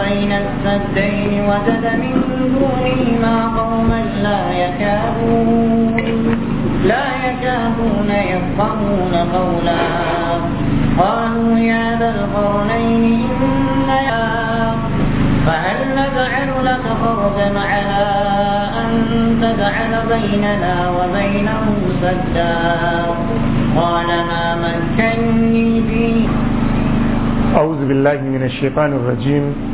بين السدين وجد من دونهما قوما لا يكادون لا يكادون يفقهون قولا قالوا يا ذا القرنين إن يا فهل نجعل لك فرجا على أن تجعل بيننا وبينه سدا قال ما مكني فيه أعوذ بالله من الشيطان الرجيم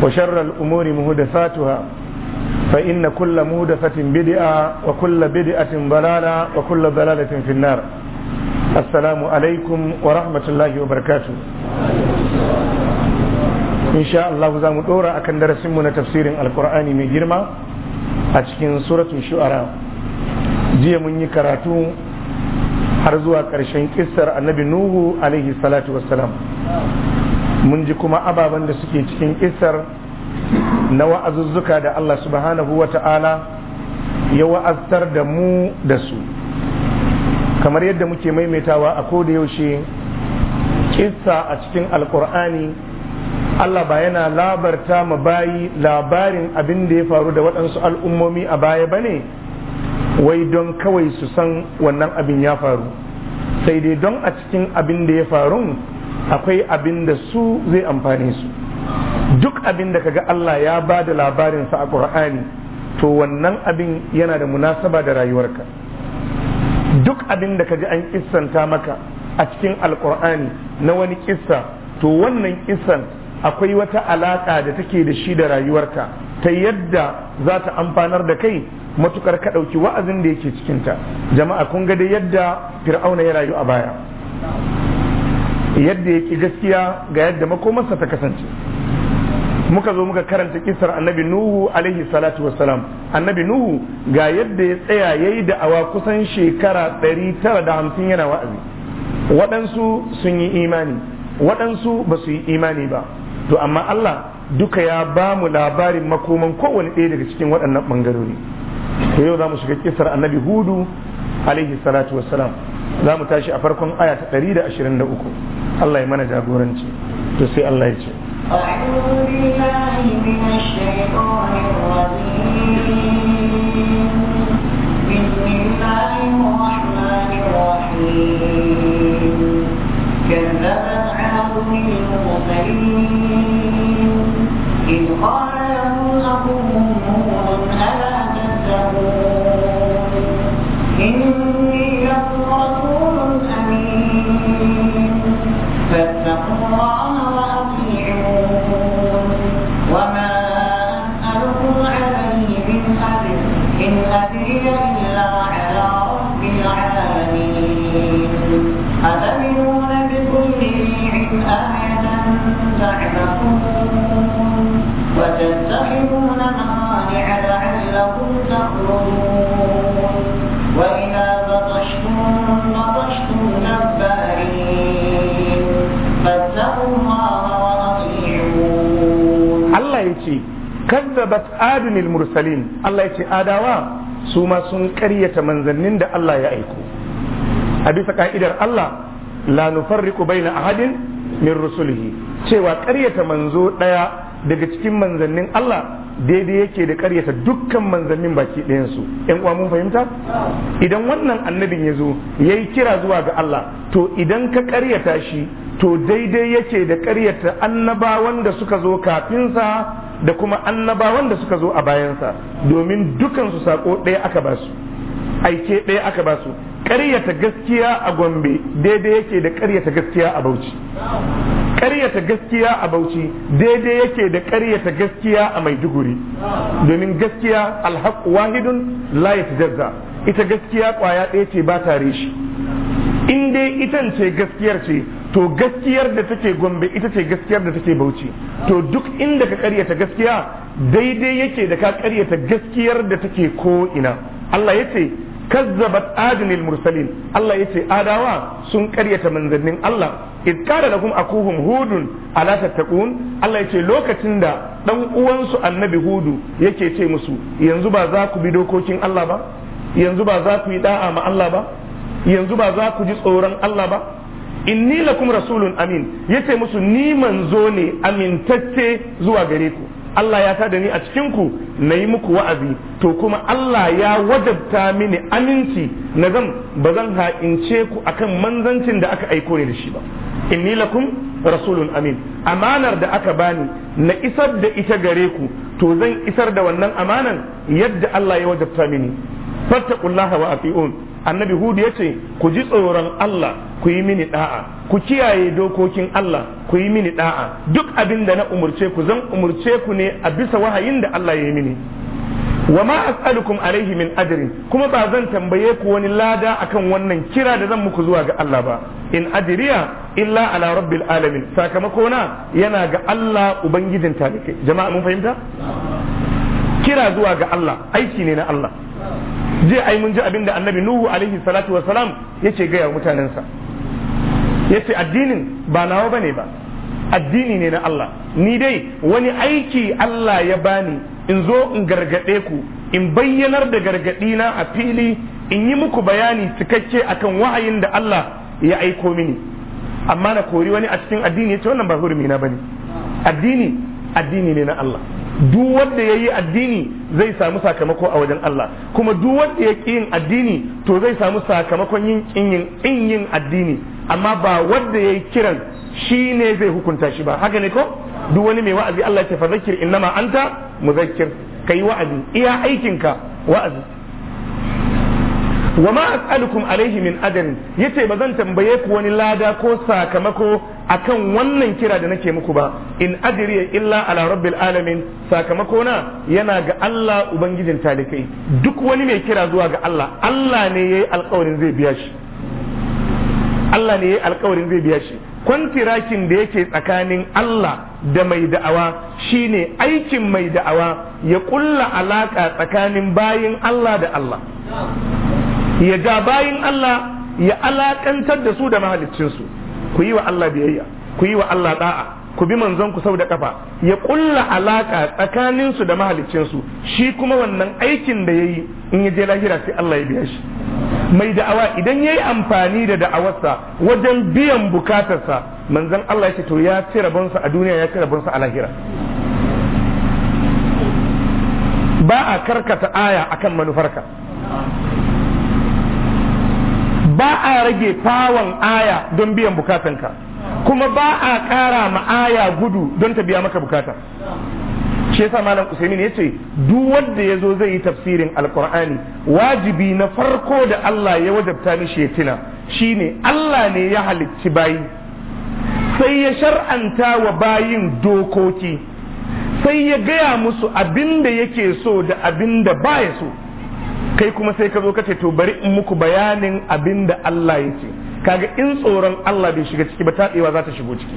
وشر الأمور مهدفاتها فإن كل مهدفة بدعة وكل بدعة ضلالة وكل ضلالة في النار السلام عليكم ورحمة الله وبركاته إن شاء الله زام الأورا أكن درسمنا تفسير القرآن من جرمى أتكين سورة الشعراء جي من يكراتو har zuwa ƙarshen kissar annabi nuhu alaihi salatu wassalam mun ji kuma ababen da suke cikin isar na wa'azuzzuka da Allah subhanahu wa ta'ala ya wa'aztar da mu da su kamar yadda muke maimaitawa a koda yaushe kissa a cikin alkur'ani Allah ba yana labarta ma bayi labarin abin da ya faru da waɗansu al'ummomi a baya ba ne wai don kawai su san wannan abin ya faru sai dai don a cikin abin da ya faru akwai abin da su zai amfane su duk abin da kaga Allah ya ba da labarinsa a Qur'ani to wannan abin yana da munasaba da rayuwarka duk abin da kaji an kissanta maka a cikin alkur'ani na wani kissa to wannan kissan akwai wata alaka da take da shi da rayuwarka ta yadda za ta amfanar da kai matukar ka ɗauki wa'azin da yake ta jama'a kun ga da yadda fir'auna ya rayu a baya yadda yake gaskiya ga yadda makomarsa ta kasance muka zo muka karanta kisar annabi nuhu alaihi salatu wassalam annabi nuhu ga yadda ya tsaya ya yi da'awa kusan shekara 950 yana wa'azi waɗansu sun yi imani waɗansu ba su yi imani ba to amma Allah duka ya ba mu labarin makoman kowane ɗaya daga cikin waɗannan ɓangarori to yau za mu shiga kisar annabi hudu alaihi salatu wassalam za mu tashi a farkon aya ta 123 Allah ya mana jagoranci to sai Allah ya ce كذبت عاد kazzabat adunil mursalin Allah ya ce adawa su ma sun karyata manzannin da Allah ya aiko a bisa ka'idar Allah la nufarriqu baina hadin min rusulihi cewa karyata manzo ɗaya. daga cikin manzannin Allah daidai yake da karyata dukkan manzannin baki ɗayansu ‘yan uwa mun fahimta? Idan wannan annabin ya zo ya yi kira zuwa ga Allah to idan ka karyata shi to daidai yake da karyata annabawan da suka zo kafinsa da kuma annabawan da suka zo a bayansa domin dukansu sako ɗaya aka ba su aike ɗaya aka ba su karyata gaskiya a gombe daidai yake da karyata gaskiya a bauchi ƙaryata gaskiya a bauchi daidai yake da ƙaryata gaskiya a maiduguri domin gaskiya alhaq wahidun la jazza ita gaskiya ƙwaya ɗaya ce ba tare shi in dai itan ce gaskiyar ce to gaskiyar da take gombe ita ce gaskiyar da take bauchi to duk inda ka ƙaryata gaskiya daidai yake da ka ƙaryata gaskiyar da take ko ina Allah ya ce kazzabat adin mursalin Allah ya ce adawa sun karyata manzannin Allah id qala lakum akuhum hudun ala tattaqun Allah ya ce lokacin da ɗan uwansu annabi hudu yake ce musu yanzu ba za ku bi dokokin Allah ba yanzu ba za ku yi ɗa'a ma Allah ba yanzu ba za ku ji tsoron Allah ba inni lakum rasulun amin yace musu ni manzo ne amintacce zuwa gare ku Allah ya tada ni a cikinku na yi muku wa'azi to kuma Allah ya wajabta mini aminci na zan ba zan ha'ince ku akan manzancin da aka aiko ni da shi ba inni lakum rasulun amin amanar da aka bani na isar da ita gare ku to zan isar da wannan amanan yadda Allah ya wajabta mini fattaqullaha wa afi'un annabi hudu ya ce ku ji tsoron Allah ku yi mini da'a ku kiyaye dokokin Allah ku yi mini da'a duk abin da na umurce ku zan umurce ku ne a bisa wahayin da Allah ya yi mini wa ma as'alukum alaihi min ajrin kuma ba zan tambaye ku wani lada akan wannan kira da zan muku zuwa ga Allah ba in ajriya illa ala rabbil alamin sakamako na yana ga Allah ubangijin talikai jama'a mun fahimta kira zuwa ga Allah aiki ne na Allah je ai mun ji abin da annabi nuhu alaihi salatu wasalam yace gaya wa mutanensa yace addinin ba nawa bane ba addini ne na Allah ni dai wani aiki Allah ya bani in zo in gargade ku in bayyanar da gargadina a fili in yi muku bayani cikakke akan wa'ayin da Allah ya aiko mini amma na kori wani a cikin addini yace wannan ba hurumi na bane addini addini ne na Allah duk wanda ya yi addini zai samu sakamako a wajen Allah kuma duk wanda ya ƙi yin addini to zai samu sakamakon yin ƙin yin addini amma ba wanda ya yi kiran shi ne zai hukunta shi ba haka ne ko duk wani mai wa'azi Allah ya ce fa zakir innama anta muzakkir kai wa'azi iya aikinka wa'azi wa ma as'alukum alaihi min ajrin yace ba zan tambaye ku wani lada ko sakamako akan wannan kira da nake muku ba in ajri illa ala rabbil alamin sakamako na yana ga Allah ubangijin talikai duk wani mai kira zuwa ga Allah Allah ne yayi alƙawarin zai biya shi Allah ne yayi alƙawarin zai biya shi kwantirakin da yake tsakanin Allah da mai da'awa shine aikin mai da'awa ya kulla alaka tsakanin bayin Allah da Allah ya ga bayin Allah ya alakantar da su da mahaliccinsu ku yi wa Allah biyayya ku yi wa Allah da'a ku bi manzon ku sau da kafa ya kulla alaka tsakaninsu da mahaliccinsu, shi kuma wannan aikin da yayi in ya je lahira sai Allah ya biya shi mai da'awa idan yayi amfani da da'awarsa wajen biyan bukatarsa manzon Allah ya ce to ya ci rabonsa a duniya ya ci rabonsa a lahira ba a karkata aya akan manufarka ba a rage fawon aya don biyan bukatanka kuma ba a kara ma aya gudu don ta biya maka bukata shi yasa malam ya ce duk wanda yazo zai yi tafsirin alqur'ani wajibi na farko da Allah ya wajabta mishi ya tuna shine Allah ne ya halicci bayi sai ya shar'anta wa bayin dokoki sai ya gaya musu abinda da yake so da abinda baya so kai kuma sai ka zo ka ce to bari in muku bayanin abin da Allah ya ce kaga in tsoron Allah bai shiga ciki ba taɓewa za ta shigo ciki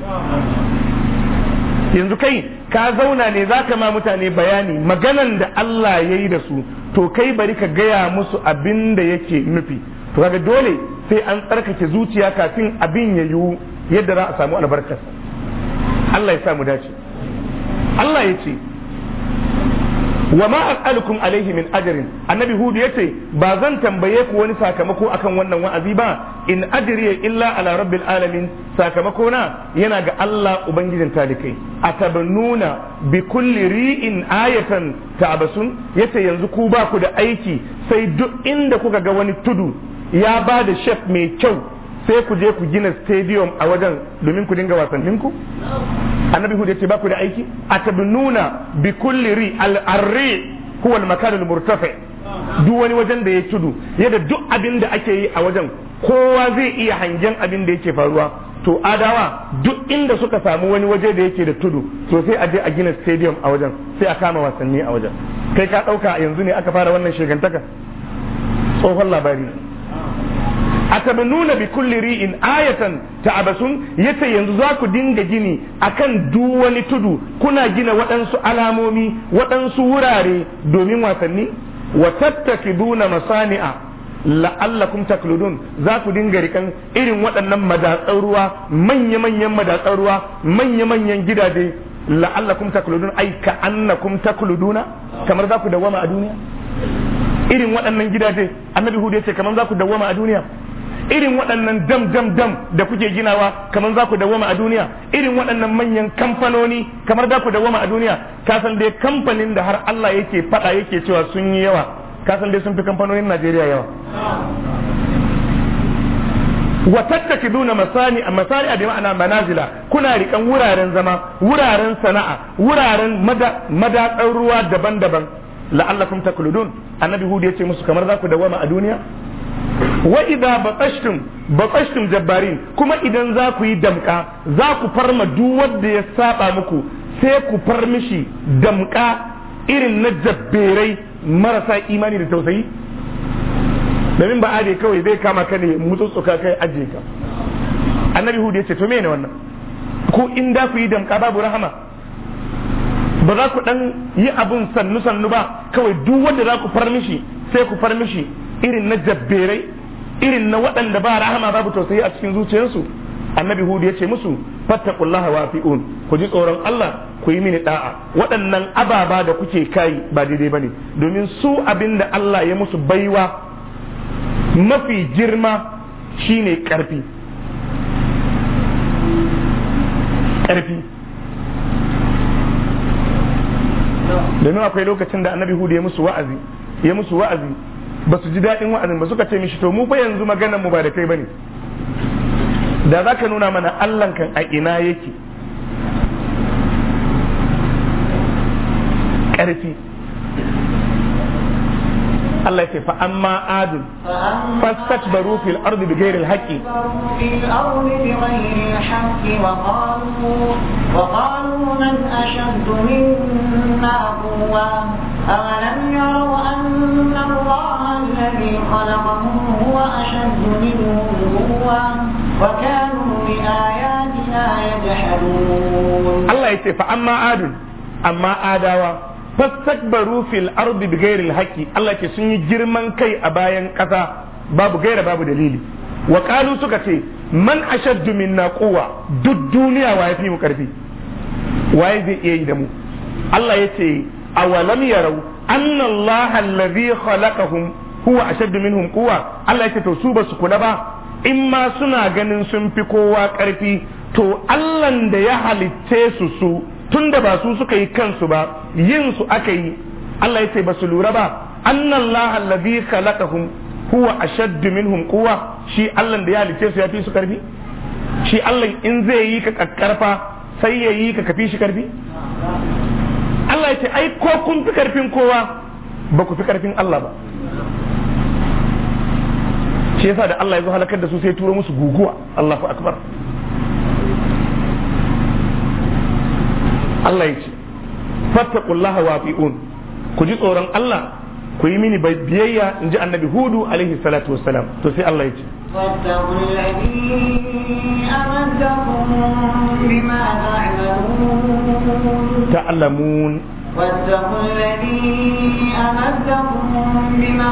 yanzu kai ka zauna ne za ka ma mutane bayani maganan da Allah ya yi da su to kai bari ka gaya musu abin da yake nufi to kaga dole sai an tsarkake zuciya kafin abin ya yiwu yadda za a samu albarkarsa Allah ya sa mu dace Allah ya ce wa ma as'alukum alaihi min ajrin annabi hudu yace ba zan tambaye ku wani sakamako akan wannan wa'azi ba in ajri illa ala rabbil alamin sakamako na yana ga Allah ubangijin talikai atabanuna bi kulli ri'in ayatan ta'basun yace yanzu ku ba ku da aiki sai duk inda kuka ga wani tudu ya ba da shef mai kyau sai ku je ku gina stadium a wajen domin ku dinga wasannin ku. annabi hudu ce ba ku da aiki atabnuna bi kulli ri al arri huwa al makan al murtafi duk wani wajen da ya tudu yadda duk abin da ake yi a wajen kowa zai iya hangen abin da yake faruwa to adawa duk inda suka samu wani waje da yake da tudu to sai a je a gina stadium a wajen sai a kama wasanni a wajen kai ka dauka yanzu ne aka fara wannan shigantaka. tsohon labari atabnuna bi kulli ri'in ayatan ta'abasun yace yanzu za ku dinga gini akan duk wani tudu kuna gina waɗansu alamomi waɗansu wurare domin wasanni wa tattakiduna masani'a la'allakum takludun za ku dinga rikan irin waɗannan madatsar ruwa manya-manyan madatsar ruwa manya-manyan gidaje la'allakum takludun ai ka annakum takluduna kamar za ku dawama a duniya irin waɗannan gidaje annabi hudu ya ce kamar za ku dawwama a duniya irin waɗannan dam dam dam da kuke ginawa kamar za ku dawoma a duniya irin waɗannan manyan kamfanoni kamar za ku dawoma a duniya kasan dai kamfanin da har Allah yake faɗa yake cewa sun yi yawa kasan dai sun fi kamfanonin Najeriya yawa wa tattakiduna masani a masani a ma'ana manazila kuna rikan wuraren zama wuraren sana'a wuraren madatsar ruwa daban-daban la'allakum takludun annabi hudu ya ce musu kamar za ku dawoma a duniya wa idza batashtum batashtum jabbarin kuma idan za ku yi damka za ku farma duk wanda ya saba muku sai ku farmishi damka irin na jabberai marasa imani da tausayi domin ba aje kawai zai kama ka ne mutsutsuka kai aje ka annabi hudu ya ce to mene wannan ko in da ku yi damka babu rahama ba za ku dan yi abun sannu sannu ba kawai duk wanda za ku farmishi sai ku farmishi irin na jabberai irin na waɗanda ba rahama babu tausayi a cikin zuciyarsu annabi hudu ya ce musu fattaqullaha wa fi'un ku ji tsoron Allah ku yi mini da'a waɗannan ababa da kuke kai ba daidai bane domin su abinda Allah ya musu baiwa mafi girma shine karfi karfi domin akwai lokacin da annabi hudu ya musu wa'azi ya musu wa'azi ba su ji daɗin wa'azin ba suka ce mishi to mu fa yanzu maganar mu ba da kai bane da za ka nuna mana allan kan a ina yake ƙarfi Allah ce fa amma adun fastakbaru fil fil ardi bi ghairi al wa qalu wa qalu man ashaddu minna quwwa awalam yaraw anna Allah الذي خلقهم هو أشد منهم قوة وكانوا بآياتنا يجحدون الله يتي فأما عاد أما آداوا فاستكبروا في الأرض بغير الحق الله يتي جرمان كي أباين كذا babu gaira babu dalili wa kalu suka ce man ashaddu minna quwwa duk duniya waye fi mu karfi waye zai iya yi da mu Allah ya ce awalam yarau anna Allah allazi khalaqahum huwa ashaddu minhum quwwa Allah yake to su ba su kula ba in ma suna ganin sun fi kowa karfi to Allah da ya halicce su su tunda ba su suka yi kansu ba yin su aka yi Allah yake ba su lura ba annallaha alladhi khalaqahum huwa ashaddu minhum quwwa shi Allah da ya halicce su ya fi su karfi shi Allah in zai yi ka kakkarfa sai ya yi ka kafi shi karfi Allah ya ai ko kun fi karfin kowa ba ku fi karfin Allah ba shi yasa da Allah ya zo halakar da su sai turo musu guguwa Allahu akbar Allah ya ce fattaqullaha wafi'un ku ji tsoron Allah ku yi mini biyayya in ji annabi hudu alaihi salatu wassalam to sai Allah ya ce ta'lamun واتقوا الذي أمدكم بما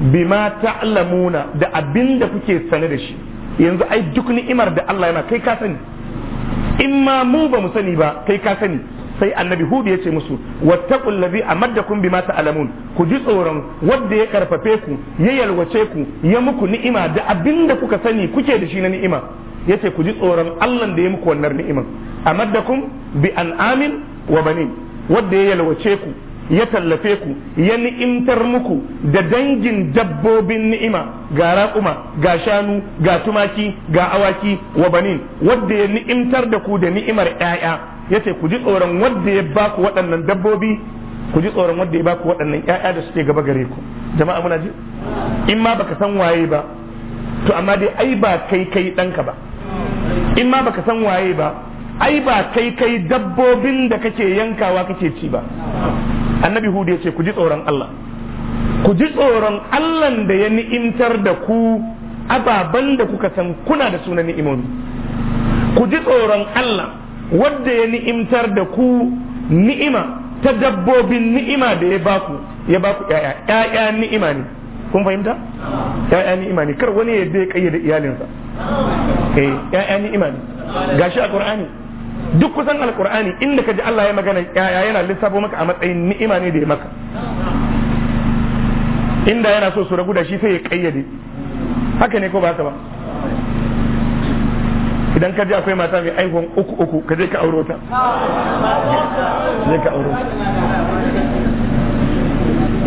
bima ta'lamuna da abinda kuke sane da shi yanzu ai duk ni'imar da Allah yana kai ka sani in ma mu ba mu sani ba kai ka sani sai annabi hudu ya ce musu wattaqul ladhi amadakum bima ta'lamun ku ji tsoron wanda ya karfafe ku ya yalwace ku ya muku ni'ima da abinda kuka sani kuke da shi na ni'ima yace ku ji tsoron Allah da ya muku wannan ni'iman amadakum bi an'amin wa banin wanda ya yalwace ku ya tallafe ku ya ni'imtar muku da dangin dabbobin ni'ima ga raƙuma ga shanu ga tumaki ga awaki wa banin wadda ya ni'imtar da ku da ni'imar ƴaƴa ce ku ji tsoron wadda ya baku waɗannan dabbobi ku ji tsoron wadda ya baku waɗannan ƴaƴa da suke gaba gare ku jama'a muna ji in ma baka san waye ba to amma dai ai ba kai kai ɗanka ba in ma baka san waye ba ai ba kai kai dabbobin da kake yankawa kake ci ba annabi hud ya ce ku ji tsoron Allah ku ji tsoron Allah da ya ni'imtar da ku ababen da kuka san kuna da suna ni'imomi ku ji tsoron Allah wadda ya ni'imtar da ku ni'ima ta dabbobin ni'ima da ya ku ya baku ya'ya ya'ya ni'ima ne kun fahimta ya'ya ni'ima ne kar wani ya dai kayyade iyalinsa eh ya'ya ni'ima ne gashi a qur'ani duk kusan alkur'ani inda ka ji Allah ya magana yaya yana lissafo maka a matsayin ni'ima ne da ya maka inda yana so su ragu da shi sai ya kayyade haka ne ko ba haka ba idan ka akwai mata mai aihon uku uku ka je ka auro ta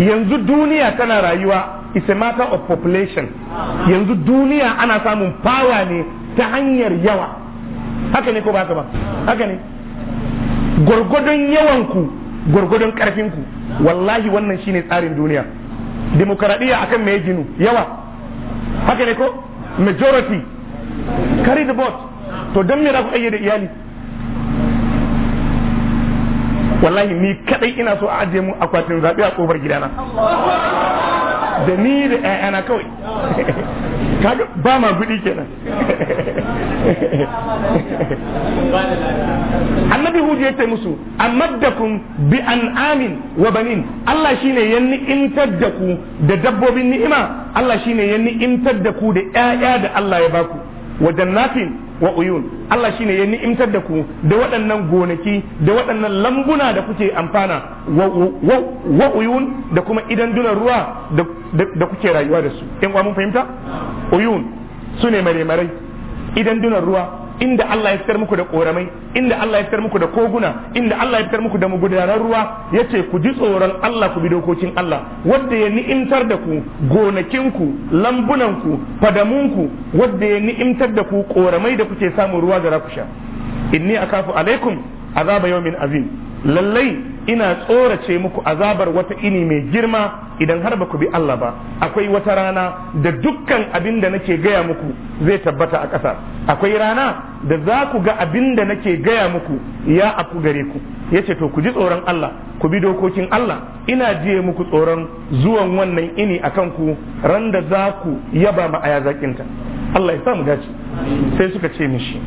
yanzu duniya tana rayuwa is a matter of population yanzu duniya ana samun power ne ta hanyar yawa haka ne ko ba haka ba haka ne gwargwadon yawanku gwargwadon karfinku wallahi wannan shine tsarin duniya demokaradiyya akan mai ginu yawa haka ne ko majority carry the vote to don me za ku da iyali wallahi ni kadai ina so a ajiye mu akwatin zaɓe a ƙofar gidana da ni da yayana kawai kaga ba ma gudi kenan annabi hudu ya ce musu amaddakum bi amin wa banin Allah shine ya ni'imtar da ku da dabbobin ni'ima Allah shine ya ni'intar da ku da 'ya'ya da Allah ya baku wa jannatin wa uyun Allah shine ya ni'imtar da ku da waɗannan gonaki da waɗannan lambuna da kuke amfana wa uyun da kuma idan dunar ruwa da kuke rayuwa da su in mun fahimta uyun su ne maremarai idan dunar ruwa inda Allah ya fitar muku da koramai inda Allah ya fitar muku da koguna inda Allah ya fitar muku da magudanar ruwa yace ku ji tsoron Allah ku bi dokokin Allah wanda ya ni'imtar da ku gonakinku lambunanku fadamunku wanda ya ni'imtar da ku koramai da kuke samun ruwa da rakusha inni akafu alaikum azaba yawmin azim lallai ina tsorace muku azabar wata ini mai girma idan har ba ku bi Allah ba akwai wata rana da dukkan abin da nake gaya muku zai tabbata a ƙasa akwai rana da za ku ga abin da nake gaya muku ya afu gare ku yace to ku ji tsoron Allah ku bi dokokin Allah ina jiye muku tsoron zuwan wannan ini akan ku ran da za ku yaba ma aya ta. Allah ya sa mu dace sai suka ce mishi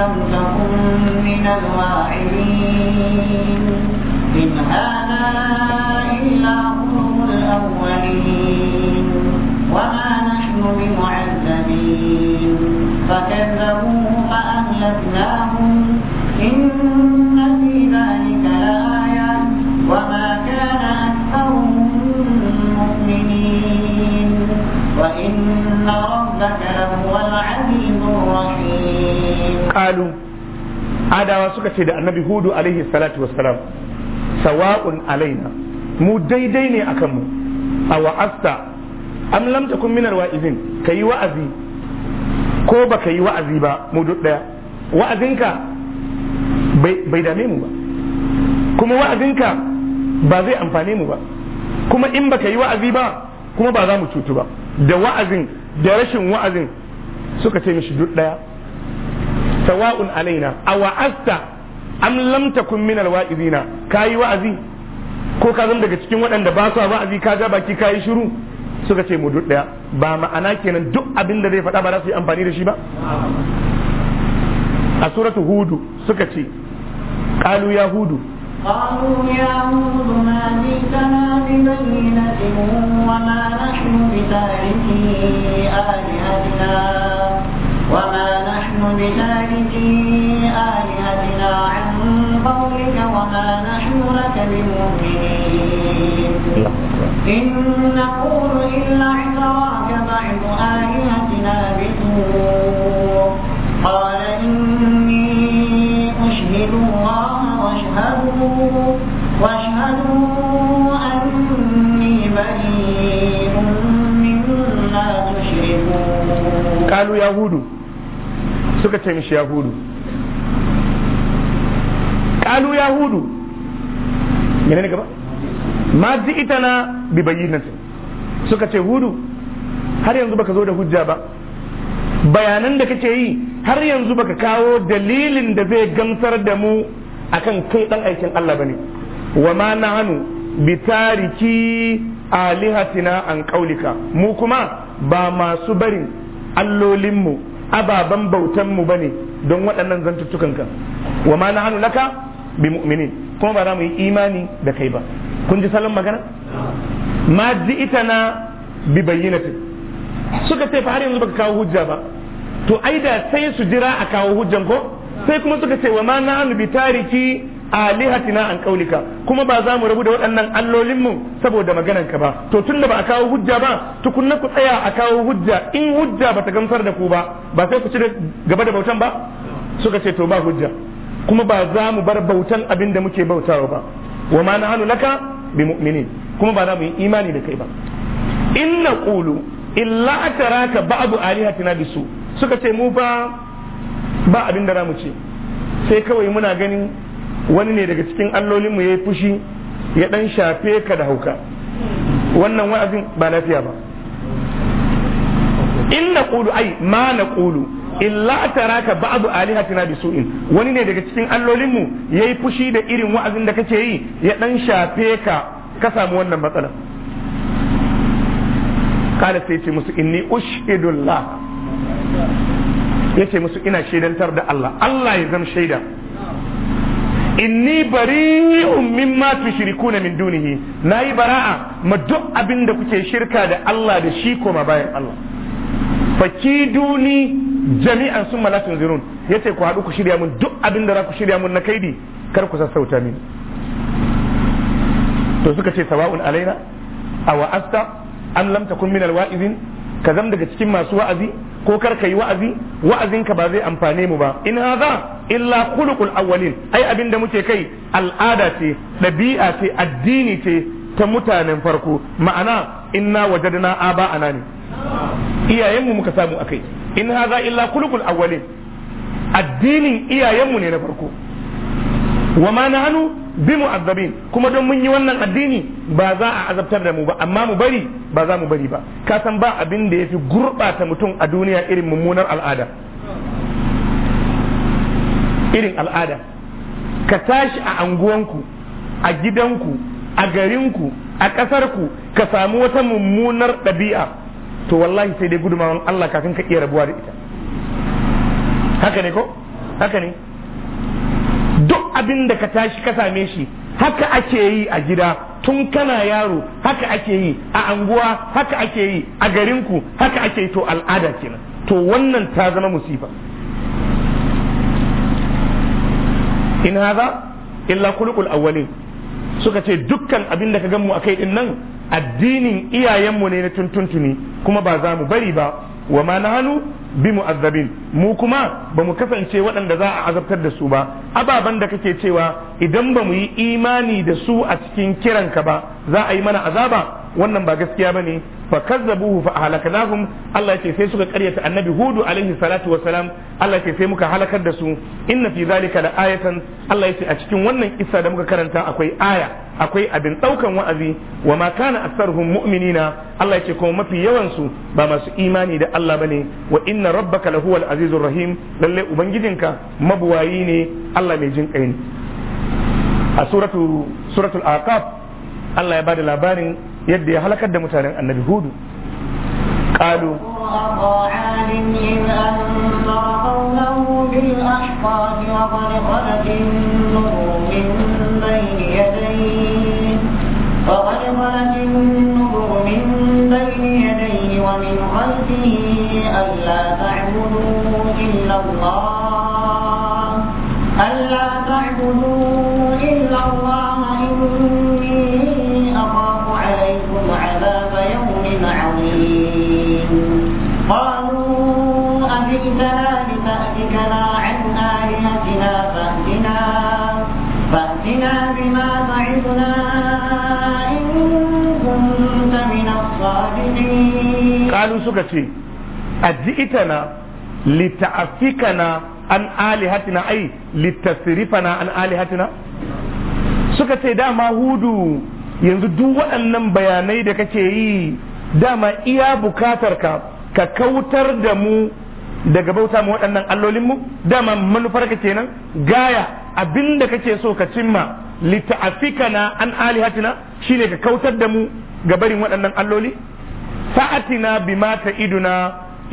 لم تكن من الواعدين إن هذا إلا هم الأولين وما نحن بمعذبين فكذبوه فأهلكناهم Kalu. adawa suka ce da annabi hudu alaihi salatu wassalam sawa'un alaina mu daidai ne a kanmu. a wa'asta am lam takun minal wa'izin yi wa'azi ko ba ka yi wa'azi ba mu duk daya wa'azinka bai dame mu ba kuma wa'azinka ba zai amfane mu ba kuma in baka yi wa'azi ba kuma ba za mu cutu ba da wa'azin da rashin wa'azin suka ce mishi duk daya sawa'un alaina a wa'asta am lam takun min alwa'izina kayi wa'azi ko ka zama daga cikin waɗanda ba su wa'azi ka baki kayi shiru suka ce mu duk daya ba ma'ana kenan duk abin da zai faɗa ba za su yi amfani da shi ba a suratu hudu suka ce qalu ya hudu قالوا يا هود ما جئتنا ببينة وما نحن بتاركين إن نقول إلا اعتراك بعض آلهتنا بسوء قال إني أشهد الله واشهدوا واشهدوا أني بريء مما تشركون قالوا يهود سكت مش يهود قالوا يهود من هنا ما جئتنا bi bayyinatin suka ce hudu har yanzu baka zo da hujja ba bayanan da kake yi har yanzu baka kawo dalilin da zai gamsar da mu akan kai dan aikin Allah bane wa ma nahnu bi tariki alihatina an qaulika mu kuma ba masu barin allolinmu ababen bautanmu bane don waɗannan ka wa ma nahnu laka bi mu'minin kuma ba za mu yi imani da kai ba kun ji salon magana ma na bi ta suka ce fa har yanzu baka kawo hujja ba to ai da sai su jira a kawo hujjan ko sai kuma suka ce wa ma na an bi tariki alihatina an kaulika kuma ba za mu rabu da waɗannan allolinmu saboda maganan ka ba to tunda ba a kawo hujja ba tukunna ku tsaya a kawo hujja in hujja ba ta gamsar da ku ba ba sai ku ci gaba da bautan ba suka ce to ba hujja kuma ba za mu bar bautan abin da muke bautawa ba wa ma na laka bi mu'minin kuma ba za mu yi imani da kai ba in na ba illa ataraka ba'du alihatina bisu suka ce mu ba ba abin da mu ce sai kawai muna ganin wani ne daga cikin allolin mu yi fushi ya dan shafe ka da hauka wannan wa'azin ba lafiya ba in na ƙulu ai ma na abu illa ataraka ba'du alihatina in wani ne daga cikin allolin mu yi fushi da irin wa'azin da kake yi ya dan shafe ka ka samu wannan matsalar kala sai ce musu inni ushidullah ya ce musu ina shaidantar da Allah Allah ya zama shaida inni bari'un mimma tushrikuna min dunihi nayi bara'a ma duk abinda da kuke shirka da Allah da shi koma bayan Allah duni jami'an summa la tunzirun yace ku haɗu ku shirya mun duk abinda da za ku shirya mun na kaidi kar ku sassauta mini to suka ce sawa'un alaina a wa'asta an lam takun min alwa'izin ka zam daga cikin masu wa'azi ko kar ka yi wa'azi wa'azinka ba zai amfane mu ba in hadha illa khuluqul awwalin ai abinda muke kai al'ada ce dabi'a ce addini ce ta mutanen farko ma'ana inna wajadna aba anani iyayenmu muka samu akai in hadha illa khuluqul awwalin addinin iyayenmu ne na farko wa ma nahnu bi mu'azzabin kuma don mun yi wannan addini ba za a azabtar da mu ba amma mu bari ba za mu bari ba ka san ba abin da yafi gurbata mutum a duniya irin mummunar al'ada irin al'ada ka tashi a anguwanku a gidanku a garinku a ƙasarku ka samu wata mummunar ɗabi'a to wallahi sai dai gudumawan Allah kafin ka iya rabuwa da ita haka ne ko haka ne duk abin da ka tashi ka same shi haka ake yi a gida tun kana yaro haka ake yi a anguwa haka ake yi a garinku haka ake yi to al'ada kenan to wannan ta zama musifa in haza illa kulukul awwalin suka ce dukkan abin da ka gan mu akai din nan addinin iyayenmu ne na tuntuntuni kuma ba za mu bari ba wa ma hannu? bi mu'azzabin mu kuma ba mu kasance waɗanda za a azabtar da su ba ababan da kake cewa idan ba mu yi imani da su a cikin kiranka ba za a yi mana azaba wannan ba gaskiya bane fa kazzabuhu fa ahlaknahum Allah ce sai suka karyata annabi hudu alaihi salatu salam. Allah ce sai muka halakar da su inna fi zalika la ayatan Allah ce a cikin wannan kissa da muka karanta akwai aya akwai abin daukan wa'azi wa ma kana aktsaruhum mu'minina Allah ce kuma mafi yawan su ba masu imani da Allah bane wa inna rabbaka lahuwal azizur rahim lalle ubangijinka mabuwayi ne Allah mai jin kai ne a suratul suratul aqab Allah ya bada labarin yadda ya halakar da mutanen annabi hudu قالوا أطاع عالم أنذر قومه بالأحقاد وقد خلت النور من بين يديه وقد خلت النور من بين يديه ومن خلفه ألا kalu suka ce aji'itana lita'afikana an alihatina ai litasrifana an suka ce dama hudu yanzu duk waɗannan bayanai da kake yi dama iya bukatar ka ka kautar da mu daga bauta mu waɗannan allolinmu dama manufar ka kenan gaya abinda kake so ka cimma lita'afikana an alihatina shine ka kautar da mu ga barin waɗannan alloli fa'atina bima iduna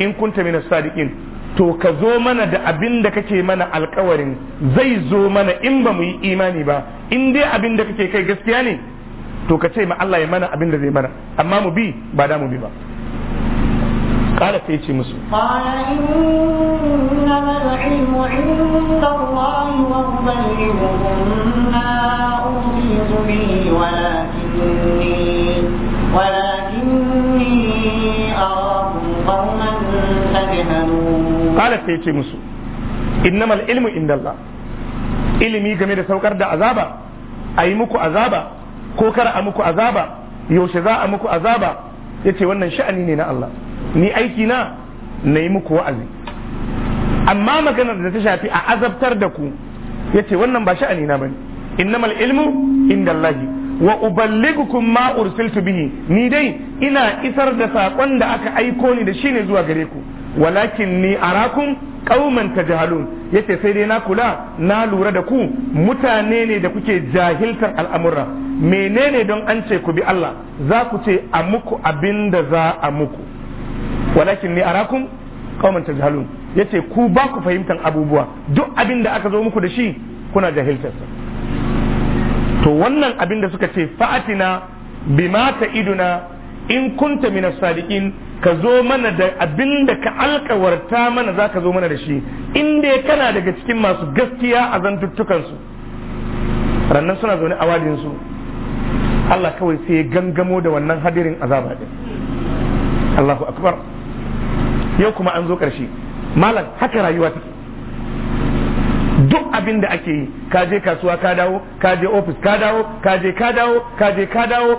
in kunta minas sadiqin to ka zo mana da abin da kake mana alkawarin zai zo mana in ba mu yi imani ba in dai abin da kake kai gaskiya ne to ka ce ma Allah ya mana abin da zai mana amma mu bi ba da mu bi ba قال سيتي مسو قال إنما العلم عند الله وأبلغكم ما به ولكني qala sai ce musu innamal ilmu indallah ilimi game da saukar da azaba a yi muku azaba ko kar a muku azaba yaushe za a muku azaba yace wannan sha'ani ne na Allah ni aiki na na yi muku wa'azi amma maganar da ta shafi a azabtar da ku yace wannan ba sha'ani na bane innamal ilmu indallahi wa uballigukum ma ursiltu bihi ni dai ina isar da sakon da aka aiko ni da shine zuwa gare ku walakin ni arakum qauman tajhalun yace sai dai na kula na lura da ku mutane ne da kuke jahiltar al'amura menene don an ce ku bi Allah za ku ce a muku abin da za a muku walakin ni arakum qauman tajhalun yace ku ba ku fahimtar abubuwa duk abinda aka zo muku da shi kuna jahiltar sa? to wannan abin da suka ce fa'atina bima ta'iduna in kunta minas sadiqin ka zo mana da abin da ka alkawarta mana za ka zo mana da shi inda kana daga cikin masu gaskiya a zantuttukansu rannan suna zaune a wadinsu Allah kawai sai ya gangamo da wannan hadirin azaba din Allahu akbar yau kuma an zo ƙarshe malam haka rayuwa take duk abin da ake yi ka je kasuwa ka dawo ka je ofis ka dawo ka je ka dawo ka je ka dawo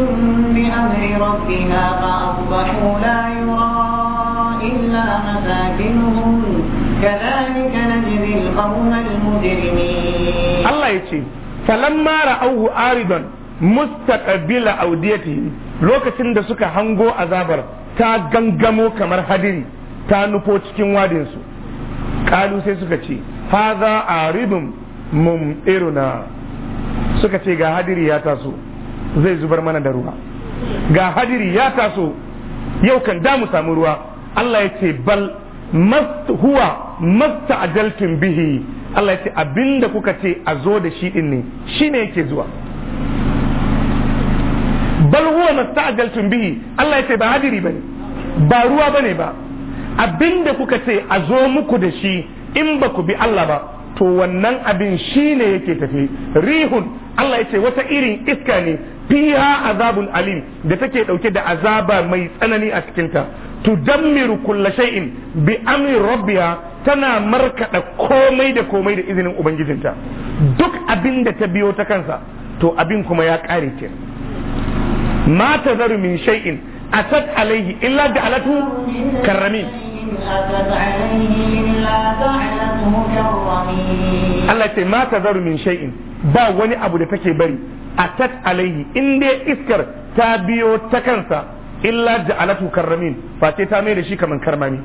ربها فأصبحوا لا يرى إلا مساكنهم كذلك نجزي القوم المجرمين الله يجي فلما رأوه آردا مستقبل أوديته lokacin da suka hango azabar ta gangamo kamar hadiri ta nufo cikin wadinsu kalu sai suka ce haza aridun mum iruna suka ce ga hadiri ya taso zai zubar mana da ruwa ga hadiri ya taso yau kan da mu samu ruwa Allah ya ce bal huwa masta ajaltun bihi Allah ya ce abinda kuka ce a zo da shi din ne shine yake zuwa bal huwa masta ajaltun bihi Allah ya ce ba hadiri bane ba ruwa bane ba abinda kuka ce a zo muku da shi in ba ku bi Allah ba to wannan abin shine yake tafi rihun Allah ya ce wata irin iska ne fiha azabun alim da take dauke da azaba mai tsanani a cikinta tudammiru kulla shay'in bi amri rabbiha tana markada komai da komai da izinin ubangijinta duk abin da ta biyo ta kansa to abin kuma ya kare ke ma tazaru min shay'in alaihi illa da alatu karramin Allah ce ma ta zaru min shay'in ba wani abu da take bari a tat alaihi in dai iskar ta biyo ta kansa illa ja'alatu karramin fa ta mai da shi kaman karmami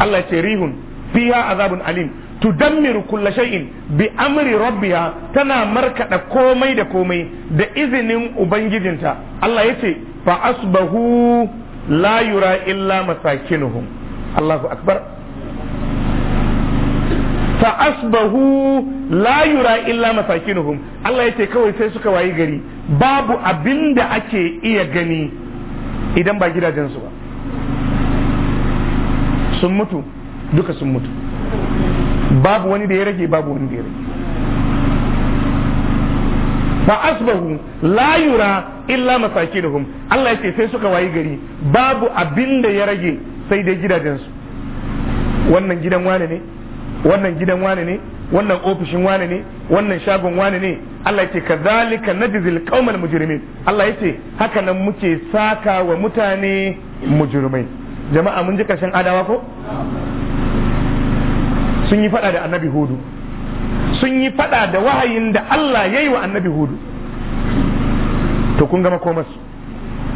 Allah ce rihun fiha azabun alim tudammiru kulla shay'in bi amri rabbiha tana markada komai da komai da izinin ubangijinta Allah yace fa asbahu la yura illa masakinuhum Allahu akbar fa asbahu la yura illa masakinuhum Allah yace kawai sai suka wayi gari babu abinda ake iya gani idan ba gidajensu ba sun mutu duka sun mutu babu wani da ya rage babu wani da ya rage fa asbahu la yura illa masakinuhum Allah yake sai suka wayi gari babu abinda ya rage sai dai gidajensu wannan gidan wane ne wannan gidan wane ne wannan ofishin wane ne wannan shagon wane ne Allah yake kadhalika najzil qaumal mujrimin Allah yake haka nan muke saka wa mutane mujrimai jama'a mun ji karshen adawa ko sun yi fada da annabi hudu sun yi fada da wahayin da Allah ya yi wa annabi hudu to kun gama komarsu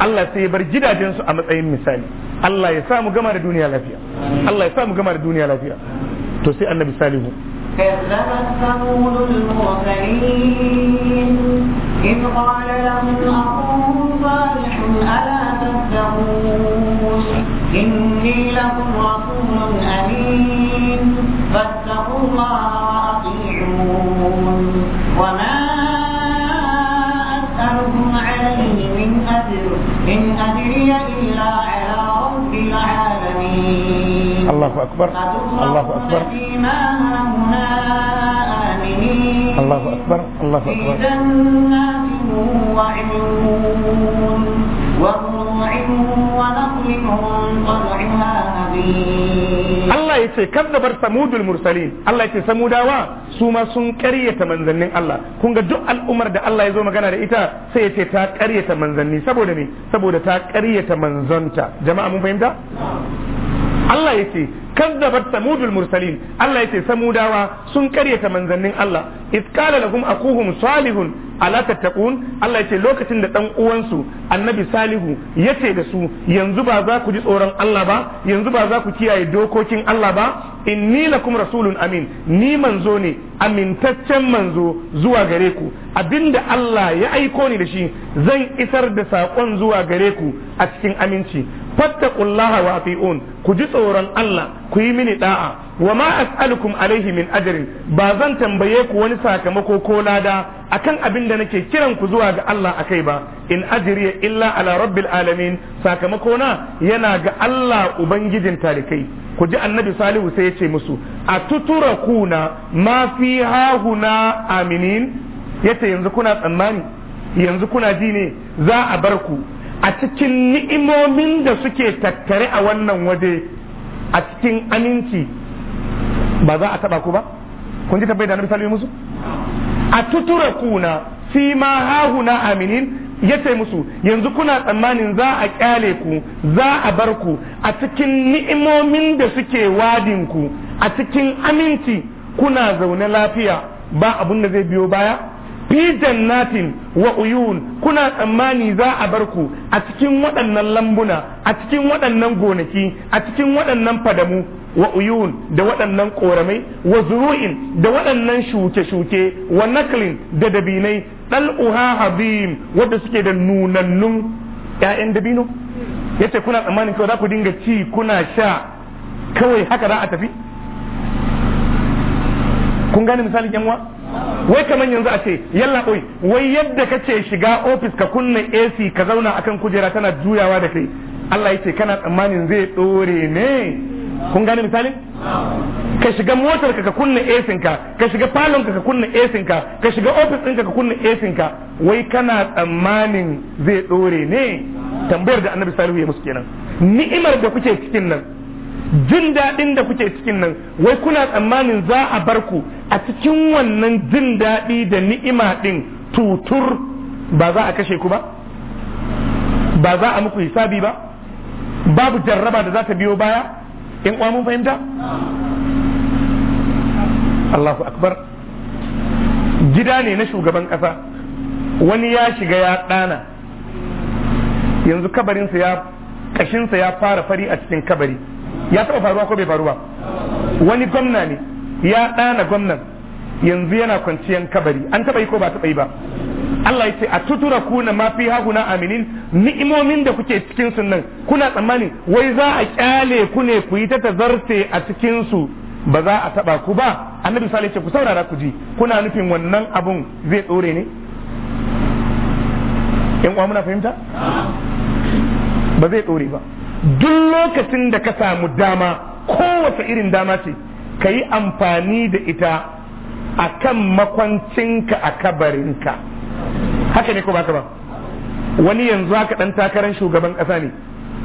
Allah sai ya bar gidajensu a matsayin misali Allah ya samu gama da duniya lafiya Allah ya samu gama da duniya lafiya to sai annabi salihu كذبت ثمود المرسلين إذ قال لهم أخوهم صالح ألا تتقون إني لكم رسول أمين فاتقوا الله وأطيعون وما أسألكم عليه من أجر إن أجري إلا على رب العالمين الله أكبر الله أكبر آمنين الله أكبر الله أكبر في جنات وعيون وهو نطعمهم ونطعمهم طبعها عظيم الله يتي كذب ثمود المرسلين الله يتي ثموداوا سوما سن قريه منزلين الله kun ga duk al'ummar da Allah ya zo magana da ita sai ya ce ta ƙaryata manzanni saboda me saboda ta ƙaryata manzanta. jama'a mun fahimta Allah ya ce kazzabat samudul mursalin Allah ya ce samudawa sun ƙaryata manzannin Allah iz qala lahum akuhum salihun ala tattaqun Allah yace lokacin da dan uwansu annabi salihu yace da su yanzu ba za ku ji tsoron Allah ba yanzu ba za ku kiyaye dokokin Allah ba inni lakum rasulun amin ni manzo ne amintaccen manzo zuwa gare ku abinda Allah ya aiko ni da shi zan isar da saƙon zuwa gare ku a cikin aminci fattaqullaha wa ati'un ku ji tsoron Allah ku yi mini da'a wa ma as'alukum alaihi min ajrin ba zan tambaye ku wani sakamako ko lada akan abin da nake kiran ku zuwa ga Allah akai ba in ajri illa ala rabbil alamin sakamako na yana ga Allah ubangijin talikai ku ji annabi salihu sai ya ce musu kuna ma fi hahuna aminin yace yanzu kuna tsammani yanzu kuna ji ne za a bar ku a cikin ni'imomin da suke tattare a wannan waje a cikin aminci ba za a taba ku ba kun ji tabbai da annabi sallallahu musu a tutura kuna fi ma hahuna aminin ya ce musu yanzu kuna tsammanin za a kyale ku za a bar ku a cikin ni'imomin da suke wadin ku a cikin aminci kuna zaune lafiya ba abun da zai biyo baya fi jannatin wa uyun kuna tsammani za a bar ku a cikin waɗannan lambuna a cikin waɗannan gonaki a cikin waɗannan fadamu wa uyun da waɗannan ƙoramai wa zuru'in da waɗannan shuke-shuke wa naklin da dabinai ɗal'uha habim wadda suke da nunannun ‘ya'yan dabino ya ce kuna tsammanin kawai za ku dinga ci kuna sha kawai haka za a tafi kun gane misalin yanwa wai kamar yanzu a ce yalla oi wai yadda ka ce shiga ofis ka kunna AC ka zauna akan kujera tana juyawa da kai Allah ya ce kana tsammanin zai dore ne kun gane misalin ka shiga motar ka kunna esin ka ka shiga falon ka ka kunna esin ka ka shiga ofis ɗinka ka kunna esin ka wai kana tsammanin zai ɗore ne tambayar da annabi salihu ya musu kenan ni'imar da kuke cikin nan jin daɗin da kuke cikin nan wai kuna tsammanin za a bar ku a cikin wannan jin daɗi da ni'ima ɗin tutur ba za a kashe ku ba ba za a muku hisabi ba babu jarraba da za ta biyo baya in mun fahimta Allahu akbar gida ne na shugaban ƙasa wani ya shiga ya ɗana yanzu kabarinsa ya ƙashinsa ya fara fari a cikin kabari ya taba faruwa ko bai faruwa wani gwamna ne ya ɗana gwamnan yanzu yana kwanciyan kabari an taba yi ko ba taba yi ba Allah ya ce a tutura kuna ma fi haguna aminin ni'imomin da kuke cikin su nan kuna tsammani wai za a kyale ku ne ku yi ta tazarce a cikin su ba za a taba ku ba annabi sallallahu ce ku saurara ku ji kuna nufin wannan abun zai dore ne Ƴan uwa muna fahimta ba zai dore ba duk lokacin da ka samu dama kowace irin dama ce ka yi amfani da ita akan makwancinka a kabarinka haka ne ko ka ba wani yanzu haka dan takarar shugaban kasa ne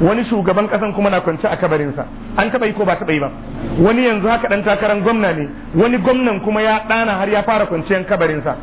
wani shugaban kasan kuma na kwance a kabarinsa an taba yi ko ba taba yi ba wani yanzu haka dan takarar gwamna ne wani gwamnan kuma ya dana har ya fara kwanciyar kabarinsa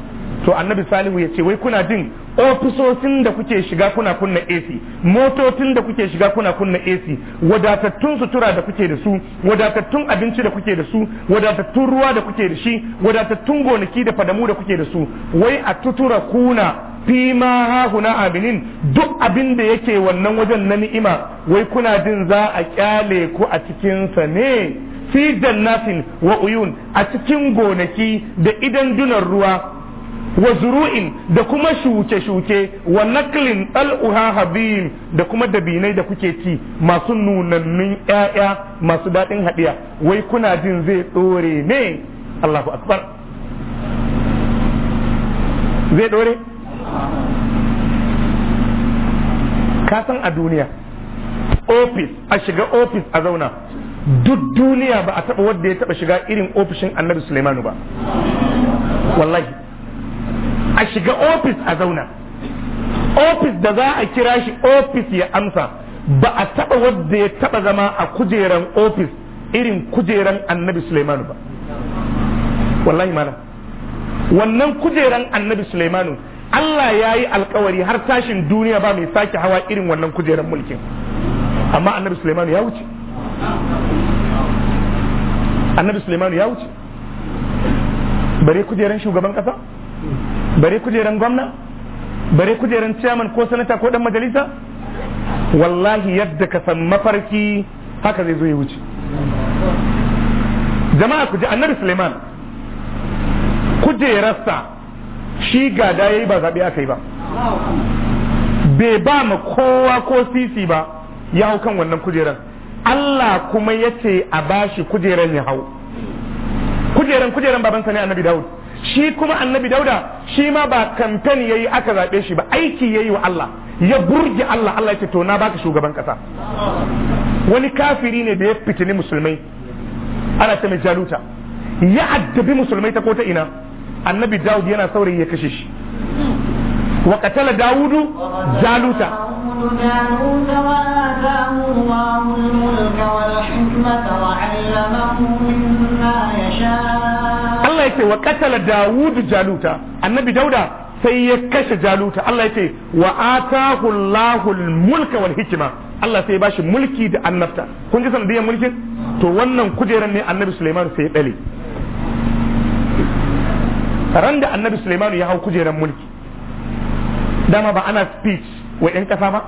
to annabi salihu ya ce wai kuna jin ofisoshin da kuke shiga kuna kunna AC motocin da kuke shiga kuna kunna AC wadatattun sutura da kuke da su wadatattun abinci da kuke da su wadatattun ruwa da kuke da shi wadatattun gonaki da fadamu da kuke da su wai a tutura kuna fi ma hahuna aminin duk abin da yake wannan wajen na ni'ima wai kuna jin za a kyale ku a cikinsa ne fi jannatin wa uyun a cikin gonaki da idan dunan ruwa wa zuru'in da kuma shuke-shuke wa naklin al'uha habim da kuma dabinai da kuke ci masu nunannun ‘ya'ya masu daɗin haɗiya wai kuna jin zai ɗore ne Allahu akbar zai ɗore? kasan a duniya ofis a shiga ofis a zauna duk duniya ba a taɓa wadda ya taɓa shiga irin ofishin annabi Sulaimanu ba wallahi a shiga ofis a zauna ofis da za a kira shi ofis ya amsa ba a taba wadda ya taba zama a kujeran ofis irin kujeran annabi Suleimanu ba wallahi mana wannan kujeran annabi Suleimanu Allah ya yi alkawari har tashin duniya ba mai sake hawa irin wannan kujeran mulkin amma annabi Suleimanu ya wuce annabi Suleimanu ya wuce bare kujeran shugaban kasa bare kujeran gwamna bare kujeran chairman ko sanata ko dan majalisa wallahi yadda ka san mafarki haka zai zo ya wuce jama'a ku ji annabi suleiman kujerarsa shi gada yayi ba zaɓe aka yi ba bai ba ma kowa ko sisi ba ya hau kan wannan kujeran Allah kuma ya ce a bashi kujeran ya hau kujeran kujeran babansa ne annabi Dawud shi kuma annabi dauda shi ma ba kamfen yayi aka zaɓe shi ba aiki yayi wa Allah ya burge Allah Allah ya ce to na baka shugaban kasa wani kafiri ne da ya fitini musulmai ana ta mai jaluta ya addabi musulmai ta kota ina annabi Dawud yana saurayi ya kashe shi wa qatala Dawudu jaluta Allah yake wa Dawud Jaluta annabi Dauda sai ya kashe Jaluta Allah ce wa atahu Allahu mulka wal hikma Allah sai ya bashi mulki da annabta kun ji sanadiyan mulkin to wannan kujeran ne annabi Sulaiman sai ya dale ran da annabi Sulaiman ya hau kujeran mulki dama ba ana speech wa 'yan ƙasa ba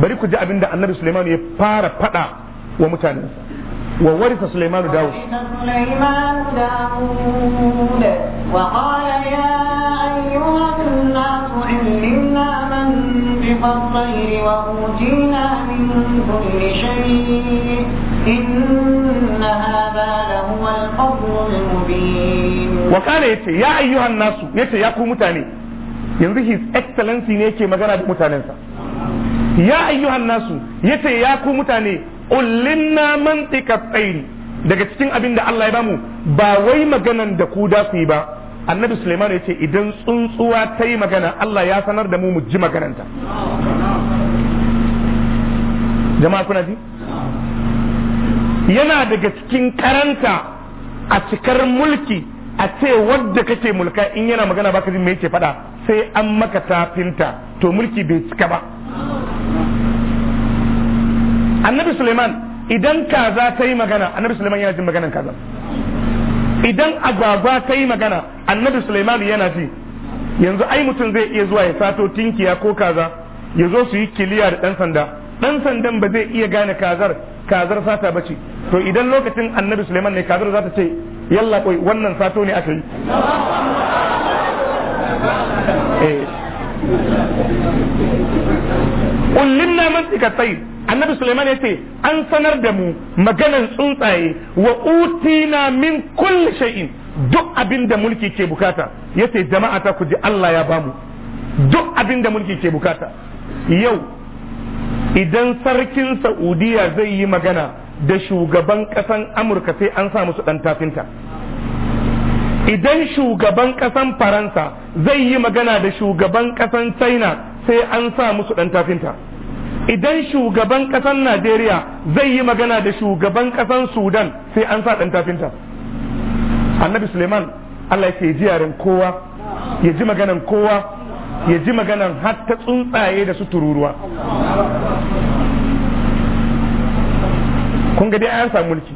bari ku ji abin da annabi Sulaiman ya fara faɗa wa mutanensa wa warisa Sulaiman Dawud وقال يا أيها الناس علمنا منطق الطير وأوتينا من كل شيء إن yanzu his excellency ne yake magana da mutanensa ya ayyuhan nasu yace ya ku mutane ullinna mantika tsayin daga cikin abin da Allah ya bamu ba wai maganan da ku da yi ba annabi Suleiman ya ce idan tsuntsuwa ta yi magana Allah ya sanar da mu mu ji magananta jama'a kuna ji yana daga cikin karanta a cikar mulki a ce wadda kake mulka in yana magana baka ji me yake faɗa sai an maka tafinta to mulki bai cika ba annabi suleiman idan kaza ta yi magana annabi suleiman yana jin maganan kaza idan agwagwa ta yi magana annabi suleiman yana ji yanzu ai mutum zai iya zuwa ya sato tinkiya ko kaza ya zo su yi kiliya da ɗan sanda ɗan sandan ba zai iya gane kazar kazar sata bace to idan lokacin annabi suleiman ne kazar za ta ce yalla koi wannan sato ne aka yi kullum eh. na man tsika annabi Suleiman ya ce an sanar da mu maganan tsuntsaye wa utina min kulli shay'in duk abin da mulki ke bukata Ya ce jama'a ta ku ji Allah ya bamu duk abin da mulki ke bukata yau idan sarkin Saudiya zai yi magana da shugaban kasan Amurka sai an sa musu dan tafinta idan shugaban kasan Faransa zai yi magana da shugaban kasan China sai an sa musu dan tafinta idan shugaban ƙasar najeriya zai yi magana da shugaban ƙasar sudan sai an sa ɗan tafinta annabi suleiman allah ke ji yaren kowa ya ji maganan kowa ya ji maganan hatta tsuntsaye da su tururuwa kun gadi a an samu mulki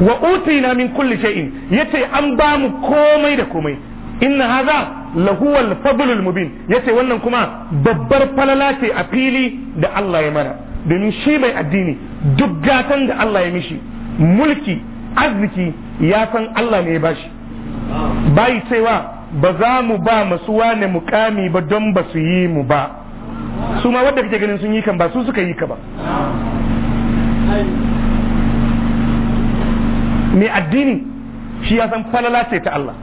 wa utina min kulli shay'in yace an ba mu komai da komai inna haza? lahuwal fadlul mubin yace wannan kuma babbar falala ce a fili da Allah ya mana domin shi mai addini duk gatan da Allah ya mishi mulki arziki ya san Allah ne ya bashi bai cewa ba za mu ba masu wane mukami ba don ba su yi mu ba su ma wadda kake ganin sun yi kan ba su suka yi ka ba mai addini shi ya san falala ce ta Allah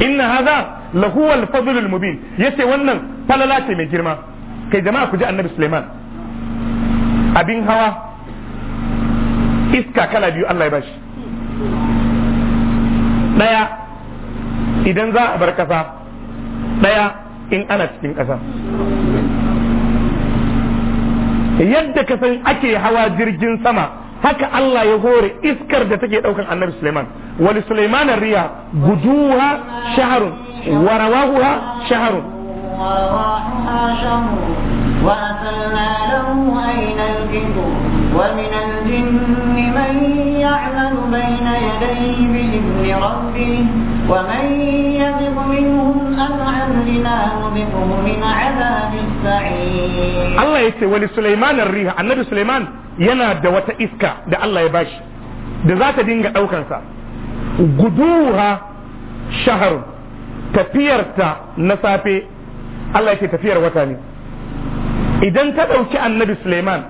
inna hadha lahu al fadl al mubin yace wannan falala ce mai girma kai jama'a ku ji annabi Suleiman. abin hawa iska kala biyu Allah ya bashi daya idan za a bar kasa daya in ana cikin kasa yadda ka san ake hawa jirgin sama haka Allah ya hore iskar da take daukan annabi Sulaiman wali Sulaiman riya gujuha shahrun wa rawahuha shahrun ومن الجن من يعمل بين يديه بإذن ربه ومن يغب منهم عن عملنا نذقه من عذاب السعير الله يسي ولسليمان الريح النبي سليمان ينا دوات إسكا ده الله يباش ده ذات دينغ أو كنسا قدوها شهر تفيرتا نسافي الله يسي تفير وتاني idan ta ɗauki annabi Suleiman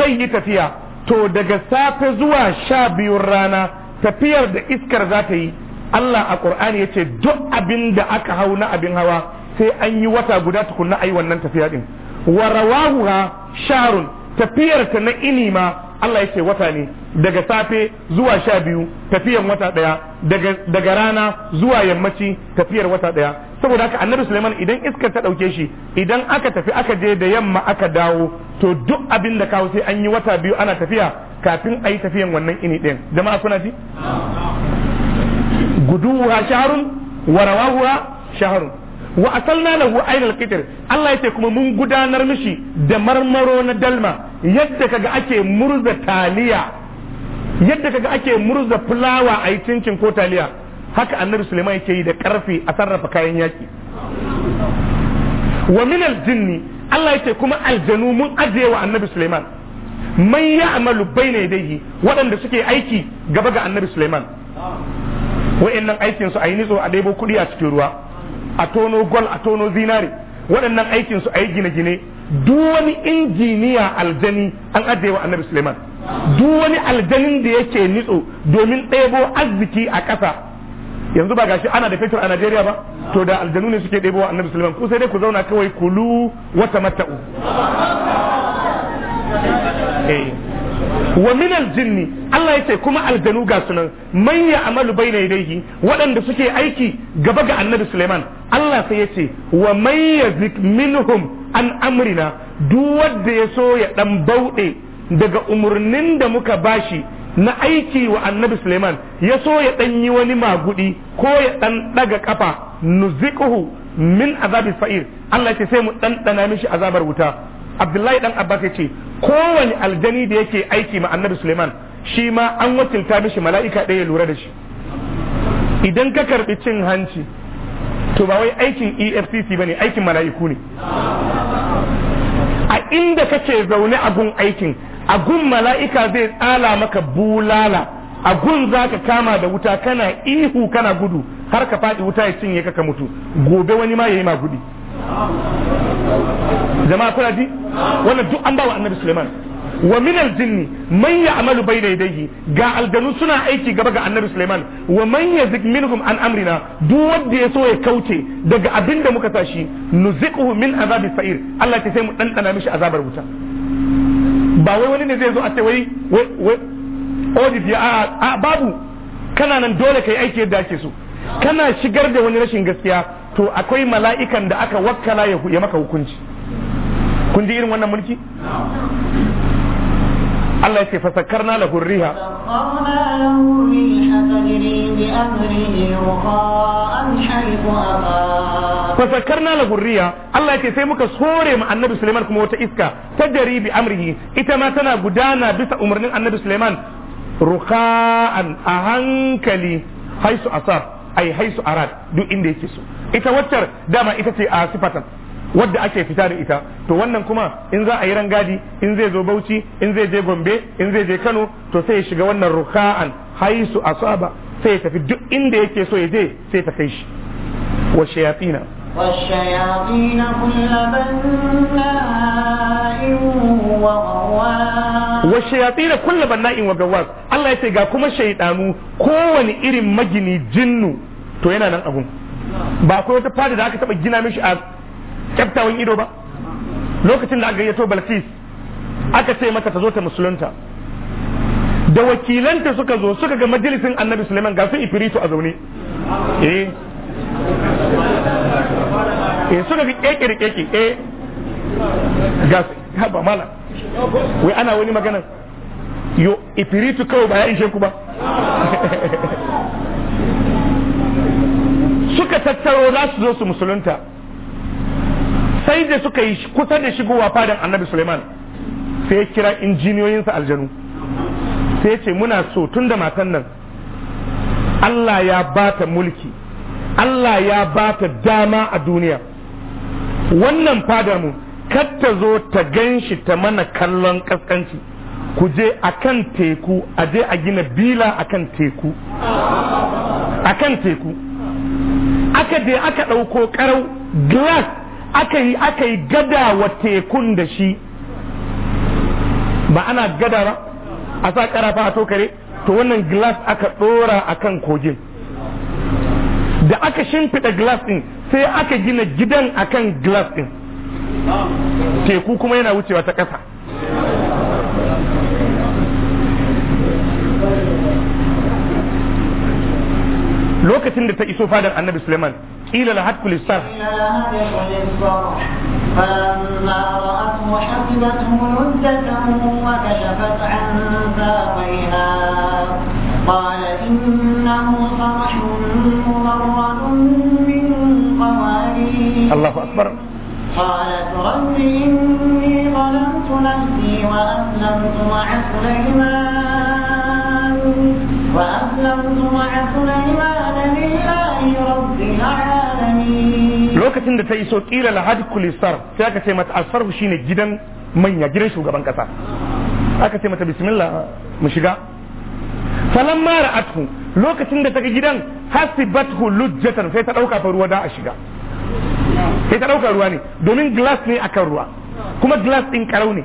zai yi tafiya to daga safe zuwa sha biyun rana tafiyar da iskar za ta yi Allah a Qur'ani ce duk abin da aka hau na abin hawa sai an yi wata guda tukunna ayi wannan tafiya din wa rawahuha sharun tafiyarta na inima Allah ya ce wata ne daga safe zuwa sha biyu tafiyan wata daya daga daga rana zuwa yammaci tafiyar wata daya saboda haka annabi Sulaiman idan iskar ta dauke shi idan aka tafi aka je da yamma aka dawo to duk abin da kawo sai an yi wata biyu ana tafiya kafin ayi tafiyan wannan ini ɗin jama'a kuna ji guduwa shaharun. wa rawahuwa shahrun wa asalna lahu ainal qitr Allah yace kuma mun gudanar mishi da marmaro na dalma yadda kaga ake murza taliya yadda kaga ake murza fulawa a yi cincin ko taliya haka annabi Sulaiman yake yi da karfe a sarrafa kayan yaki wa min aljinni Allah yace kuma aljanu mun ajiye annabi Sulaiman man ya'malu bayna yadayhi waɗanda suke aiki gaba ga annabi Sulaiman wa'annan aikin su a yi nitso a ɗebo kuɗi a cikin ruwa a tono gol a tono zinari waɗannan aikin su a yi gine-gine duk wani injiniya aljani an ajiye wa annabi suleiman duk wani aljanin da yake nitso domin ɗebo arziki a ƙasa yanzu ba gashi ana da fetur a Najeriya ba to da aljanu ne suke ɗebo wa annabi suleiman ku sai dai ku zauna kawai kulu wata mata'u eh. wa min aljinni Allah yace kuma aljanu ga sunan man ya amalu baina yadayhi waɗanda suke aiki gaba ga annabi Sulaiman Allah sai yace wa man yazik minhum an amrina duk wanda ya so ya dan bauɗe daga umurnin da muka bashi na aiki wa annabi Suleiman ya so ya dan yi wani magudi ko ya dan daga kafa nuziquhu min azabi Fa'ir. Allah ce sai mu dan mishi azabar wuta Abdullahi dan Abbas ya ce kowane aljani da yake aiki ma annabi suleiman shi ma an wakilta mishi mala'ika ɗaya lura da shi idan ka karɓi cin hanci to ba wai aikin efcc ba ne aikin mala'iku ne a inda kake zaune a gun aikin a gun mala'ika zai tsala maka bulala a gun za ka kama da wuta kana ihu kana gudu har ka faɗi wuta ya cinye ka ka mutu gobe wani ma ya yi ma gudi jama'a kuna ji wannan duk an ba wa annabi suleiman wa min aljinni man ya'malu bayna yadayhi ga aljanu suna aiki gaba ga annabi Suleiman wa man yazik minhum an amrina duk wanda yaso ya kauce daga abin da muka sashi nuziquhu min azabi sa'ir Allah ta sai mu dandana mishi azabar wuta ba wai wani ne zai zo a ce wai wai audit ya a babu kana nan dole kai aiki yadda ake so kana shigar da wani rashin gaskiya to akwai mala'ikan da aka wakkala ya maka hukunci kun ji irin wannan mulki Allah ya ce fasakarna la hurriha fasakarna la riha Allah ya ce sai muka sore mu annabi Suleiman kuma wata iska ta jaribi bi amrihi ita ma tana gudana bisa umarnin annabi Suleiman ruqa'an a hankali haisu asar ai haisu arad duk inda yake so ita waccar dama ita ce a sifatan wadda ake fita da ita to wannan kuma in za a yi rangadi in zai zo Bauchi in zai je Gombe in zai je Kano to sai ya shiga wannan ruka'an haisu asaba sai ya tafi duk inda yake so ya je sai ta kai shi wa shayatina والشياطين كل بناء وغواص والشياطين wa gawwas Allah ya ce ga kuma shaydanu kowani irin magini jinnu to yana nan abun ba akwai wata fada da aka taba gina mishi a kyaftawan ido ba lokacin da aka gayyato balkis aka ce mata ta zo ta musulunta da wakilanta suka zo suka ga majalisin annabi suleiman ga su ifiritu a zaune eh eh suka ga kekere keke eh ga haba mala wai ana wani magana yo ifiritu kawai ba ya ishe ku ba suka tattaro za su zo su musulunta sai da suka yi kusa da shigowa fadin annabi suleiman sai ya kira injiniyoyinsa aljanu sai ya ce muna so tun da matan nan Allah ya ba ta mulki Allah ya ba ta dama a duniya wannan fada mu kar ta zo ta gan shi ta mana kallon kaskanci ku je a kan teku a je a gina bila a kan teku a kan teku aka je aka ɗauko ƙarau glass aka yi aka yi gada wa tekun da shi ba ana gada ba a sa ƙarafa a tokare to wannan glass aka ɗora a kan kogin da aka shimfiɗa glass ɗin sai aka gina gidan akan glass ɗin teku kuma yana wucewa ta ƙasa lokacin da ta iso fadar annabi suleiman ila la hadkul isar الله أكبر قالت رب إني ظلمت نفسي وأسلمت مع سليمان lokacin da ta iso kila lahad kulisar sai aka ce mata alfarhu shine gidan manya gidan shugaban kasa aka ce mata bismillah mu shiga falan mara atku lokacin da ta ga gidan hasibathu lujjatan sai ta dauka fa ruwa da a shiga sai ta dauka ruwa ne domin glass ne akan ruwa kuma glass din karau ne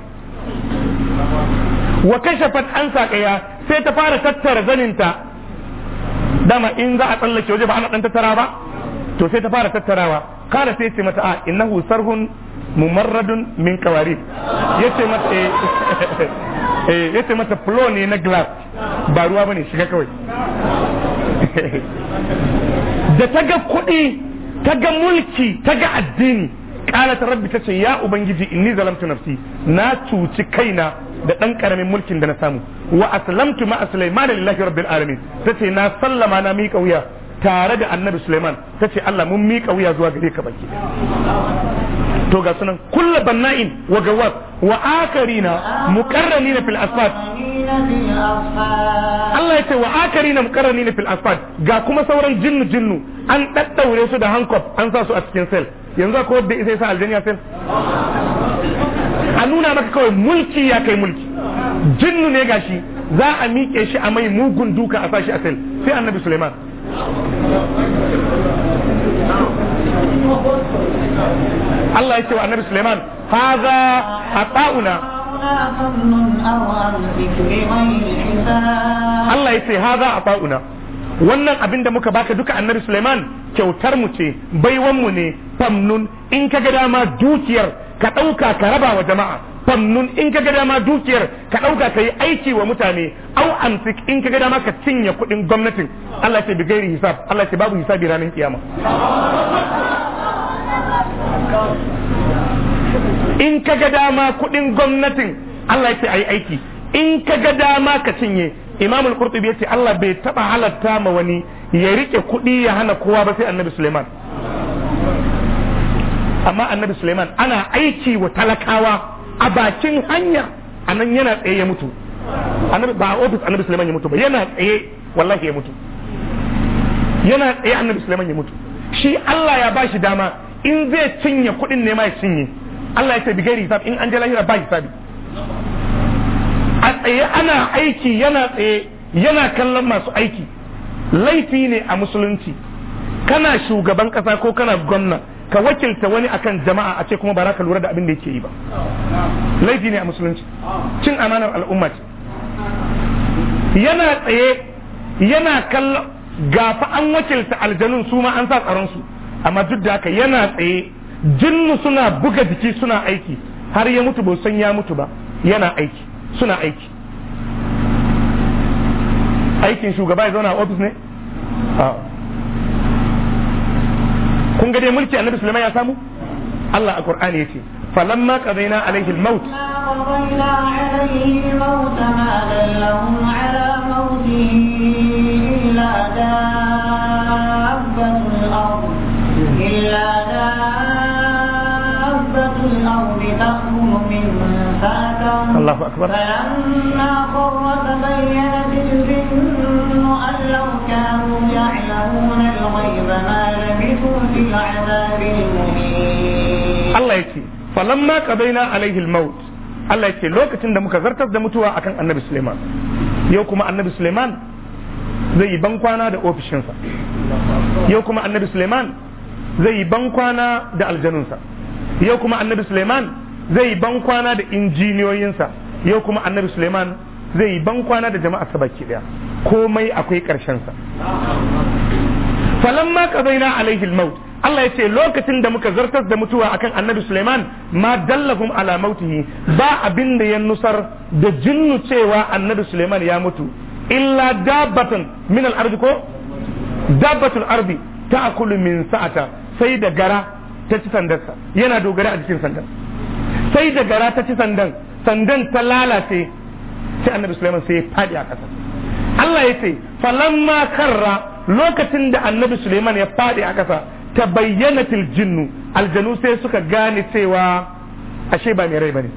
wa kashafat an saƙaya sai ta fara tattara zaninta dama in za a tsallake waje ba ana dan tattara ba to sai ta fara tattarawa kada sai ce mata a innahu sarhun mumarradun min kawarid yace mata eh, eh yace mata flow ne na glass ba ruwa bane shiga kawai da ta ga kuɗi ta ga mulki ta ga addini kala ta rabbi tace ya ubangiji inni zalamtu nafsi na cuci kaina da dan karamin mulkin da na samu wa aslamtu ma sulaiman lillahi rabbil alamin tace na sallama na miƙa wuya tare da annabi sulaiman tace Allah mun miƙa wuya zuwa gare ka baki to ga sunan kullu banna'in wa gawwas wa akarina muqarranina fil asfad Allah ya ce wa akarina muqarranina fil asfad ga kuma sauran jinnu jinnu an daddaure su da hankof an sa su a cikin sel yanzu ko wanda sai sa aljaniya sel a nuna maka kawai mulki ya kai mulki jinnu ne gashi za a miƙe shi a mai mugun duka a sashi a sel sai annabi suleiman Allah ya ce wa annabi suleiman haza a ta'una Allah ya ce haza a ta'una wannan abin da muka baka duka annabi suleiman kyautar mu ce baiwan mu ne famnun in ka ga dama dukiyar ka ɗauka ka raba wa jama'a fannun in ka ga dama dukiyar ka ɗauka ka yi aiki wa mutane au amsik in ka ga dama ka cinye kuɗin gwamnatin Allah ce bi gairi hisab Allah ce babu hisabi ranar kiyama in ka ga dama kuɗin gwamnatin Allah ce ayi aiki in ka ga dama ka cinye Imam al-Qurtubi yace Allah bai taba halatta ma wani ya rike kuɗi ya hana kowa ba sai Annabi Suleiman amma annabi suleiman ana aiki wa talakawa a bakin hanya a nan yana tsaye ya mutu Ba a ofis annabi suleiman ya mutu ba yana tsaye wallahi ya mutu yana tsaye annabi suleiman ya mutu shi Allah ya bashi dama in zai cinye kuɗin ne ma ya cinye Allah ya ce bigari hisab in an je lahira ba hisabi a tsaye ana aiki yana tsaye yana kallon masu aiki laifi ne a musulunci kana shugaban kasa ko kana gwamna ka wakilta wani akan jama'a a ce kuma ba za ka lura da abin da yake yi ba laifi ne a musulunci cin amanar al'umma ce yana tsaye yana ga gafa an wakilta aljanun su ma an sa tsaron su amma duk da haka yana tsaye jinnu suna buga jiki suna aiki har ya mutu bai san ya mutu ba yana aiki suna aiki aikin shugaba ya zauna a ofis ne kun ga dai mulki annabi sulaiman ya samu Allah a Qur'ani yace falamma qadaina alaihi al-maut إلا دابة لهم الله أكبر فلما خر تبينت الجن أن لو كانوا يعلمون الغيب ما لبثوا في العذاب المهين الله يكفي فلما قضينا عليه الموت Allah ya ce lokacin da muka zartas da mutuwa akan annabi Suleiman yau kuma annabi Suleiman zai yi bankwana da ofishinsa yau kuma annabi Suleiman zai yi bankwana da aljanunsa yau kuma annabi Suleiman zai ban kwana da injiniyoyinsa yau kuma annabi suleiman zai yi ban kwana da jama'a sa baki daya komai akwai karshen sa falamma qadaina alaihi almaut Allah ya ce lokacin da muka zartas da mutuwa akan annabi Suleiman ma dallahum ala mautihi ba abin da ya nusar da jinnu cewa annabi Suleiman ya mutu illa dabbatan min al-ardi ko dabbatul ardi ta'kulu min sa'ata sai da gara ta ci sandarsa yana dogara a cikin sandarsa sai da gara ta ci sandan sandan ta lalace sai annabi Suleiman sai ya fadi a ƙasa Allah ya ce falamma karra lokacin da annabi Suleiman ya fadi a ƙasa ta bayyana tiljinnu aljanu sai suka gane cewa ashe ba mai rai bane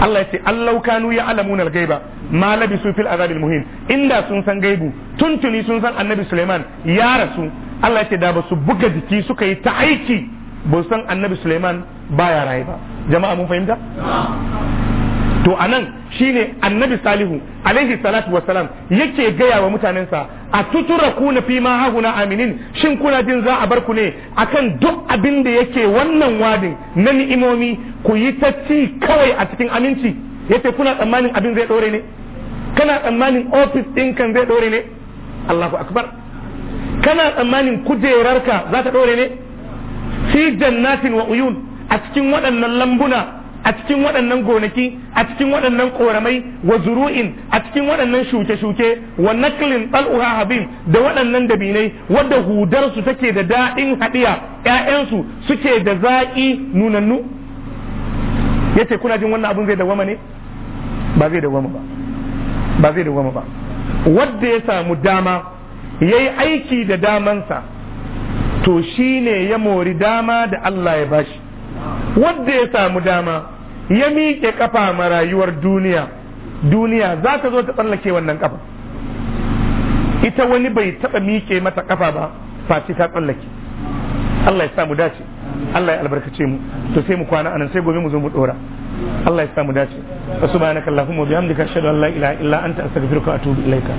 Allah ya ce allau kanu ya alamuna gaiba ma labisu fil azabil muhim inda sun san gaibu tuntuni sun san annabi Suleiman ya rasu Allah ya ce da ba su buga jiki suka yi ta aiki ba san annabi suleiman baya raye ba jama'a mun fahimta to anan shine annabi salihu alaihi salatu wassalam yake gaya wa mutanensa a tutura ku na fima haguna aminin shin kuna jin za a bar ku ne akan duk abin da yake wannan wadin na ni'imomi ku yi ta ci kawai a cikin aminci yace kuna tsammanin abin zai dore ne kana tsammanin ofis din kan zai dore ne Allahu akbar kana tsammanin kujerarka za ta dore ne fi jannatin wa uyun a cikin waɗannan lambuna a cikin waɗannan gonaki a cikin waɗannan ƙoramai wa zuru'in a cikin waɗannan shuke-shuke wa naklin ɗal'uha habib da waɗannan dabinai wadda hudarsu take da daɗin haɗiya ‘ya'yansu suke da zaƙi nunannu ya ce kuna jin wannan abin zai dawama ne ba zai dawama ba ba zai dawama ba wadda ya samu dama ya yi aiki da damansa to shi ne ya mori dama da Allah ya bashi wadda ya samu dama ya miƙe kafa ma rayuwar duniya duniya za ta zo ta tsallake wannan kafa ita wani bai taɓa miƙe mata kafa ba face ta tsallake Allah ya samu dace Allah ya albarkace mu to sai mu kwana anan sai gobe mu zo mu dora Allah ya samu dace subhanakallahumma bihamdika ashhadu an la ilaha illa anta astaghfiruka wa atubu ilaika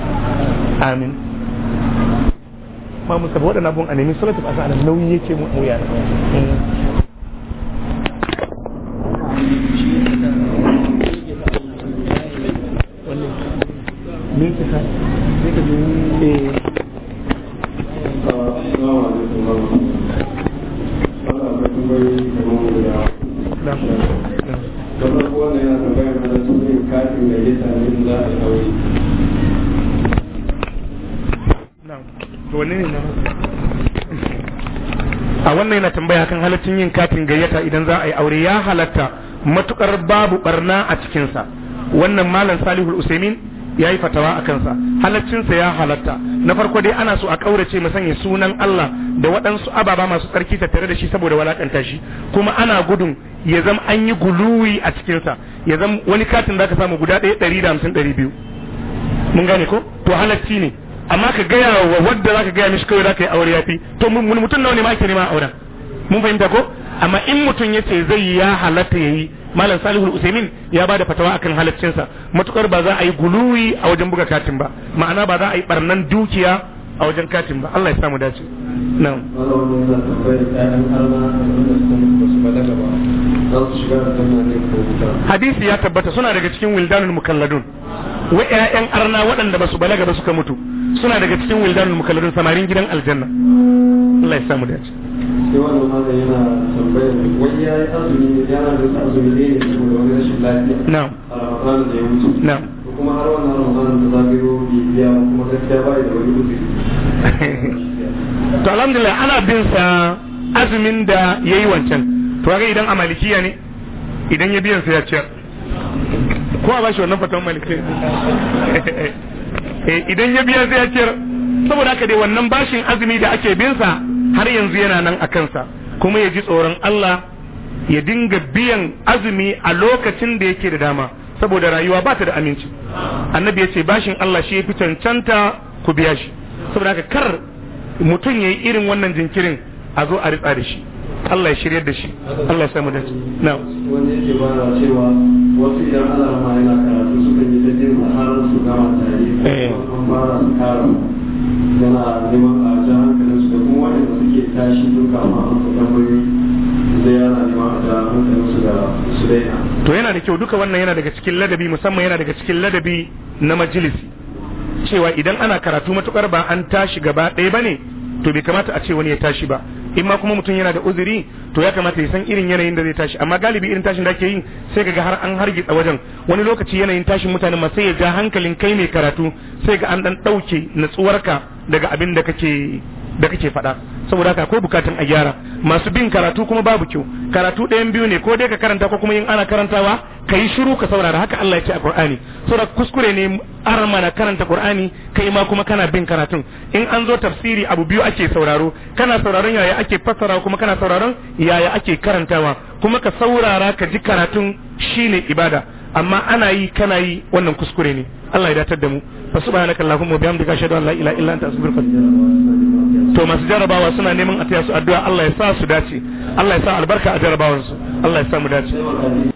amin ma mu saboda waɗannan abun a nemi salatul azhar nauyi yake mu mu yana eh. me ka sai ka je akan halaccin yin katin gayyata idan za a yi aure ya halatta matukar babu barna a cikinsa wannan malam salihul usaimin ya yi fatawa a kansa halaccinsa ya halatta na farko dai ana so a kaurace sanya sunan Allah da waɗansu ababa masu tsarki tattare da shi saboda walakanta shi kuma ana gudun ya zama an yi guluwi a cikinsa ya zama wani katin za ka samu guda ɗaya ɗari da hamsin ɗari biyu mun gane ko to halacci ne amma ka gaya wa wadda za ka gaya mishi kawai za ka yi aure ya fi to mutum nawa ne ma ake nema auren mun fahimta ko amma in mutum ya ce zai yi ya halatta ya yi malam salihul usaimin ya ba da fatawa akan halaccinsa matukar ba za a yi guluwi a wajen buga katin ba ma'ana ba za a yi barnan dukiya a wajen katin ba Allah ya samu dace na'am hadisi ya tabbata suna daga cikin wildanul mukalladun wa ƴaƴan arna waɗanda ba su balaga ba suka mutu suna daga cikin wildanul mukalladun samarin gidan aljanna Allah ya samu dace sai wannan malam yana tambayar wai ya yi azumi ne yana da azumi ne ne saboda wani rashin lafiya a ramadan da ya wuce kuma har wannan ramadan da zagayo bai biya kuma gaskiya ba da wani uzuri to alhamdulillah ana bin sa azumin da yayi wancan to kaga idan a malikiya ne idan ya biyan sa ya ciyar ko a bashi wannan fatan malikiya eh, idan ya biya sai ya ciyar saboda haka dai wannan bashin azumi da ake bin sa har yanzu yana nan a kansa kuma ya ji tsoron Allah ya dinga biyan azumi a lokacin da yake da dama saboda rayuwa ba ta da aminci annabi ya ce bashin Allah shi ya fi cancanta ku biya shi saboda haka kar mutum ya yi irin wannan jinkirin a zo a ritsa da shi Allah ya shirya da shi Allah ya samu dace na Wani yake bara cewa wasu idan Allah ma yana karatu suka yi jin su gama tare an eh. fara su kara yana neman a jan hankalin su da kuma wanda ke tashi duka ma an fi tambayoyi zai yana nema da hankalin su da su daina to yana da kyau duka wannan yana daga cikin ladabi musamman yana daga cikin ladabi na majalisi cewa idan ana karatu matukar ba an tashi gaba ɗaya ba ne to bai kamata a ce wani ya tashi ba in ma kuma mutum yana da uzuri to ya kamata ya san irin yanayin da zai tashi amma galibi irin tashin da ake yi sai ga har an hargitsa wajen wani lokaci yanayin tashin mutanen ma sai ya ja hankalin kai mai karatu sai ga an dan dauke natsuwarka daga abin da kake da kake faɗa saboda haka akwai bukatun a gyara masu bin karatu kuma babu kyau karatu ɗayan biyu ne ko dai ka karanta ko kuma yin ana karantawa ka yi shiru ka saurara haka Allah ya ce a Qur'ani saboda kuskure ne arma na karanta Qur'ani kai ma kuma kana bin karatun in an zo tafsiri abu biyu ake sauraro kana sauraron yaya ake fassara kuma kana sauraron yaya ake karantawa kuma ka saurara ka ji karatun shine ibada amma ana yi kana yi wannan kuskure ne Allah ya datar da mu fa subhanakallahumma wa bihamdika ashhadu an la ilaha illa anta astaghfiruka wa atubu ilaik to masu jarabawa suna neman a taya su addu'a Allah ya sa su dace Allah ya sa albarka a jarabawansu Allah ya sa mu dace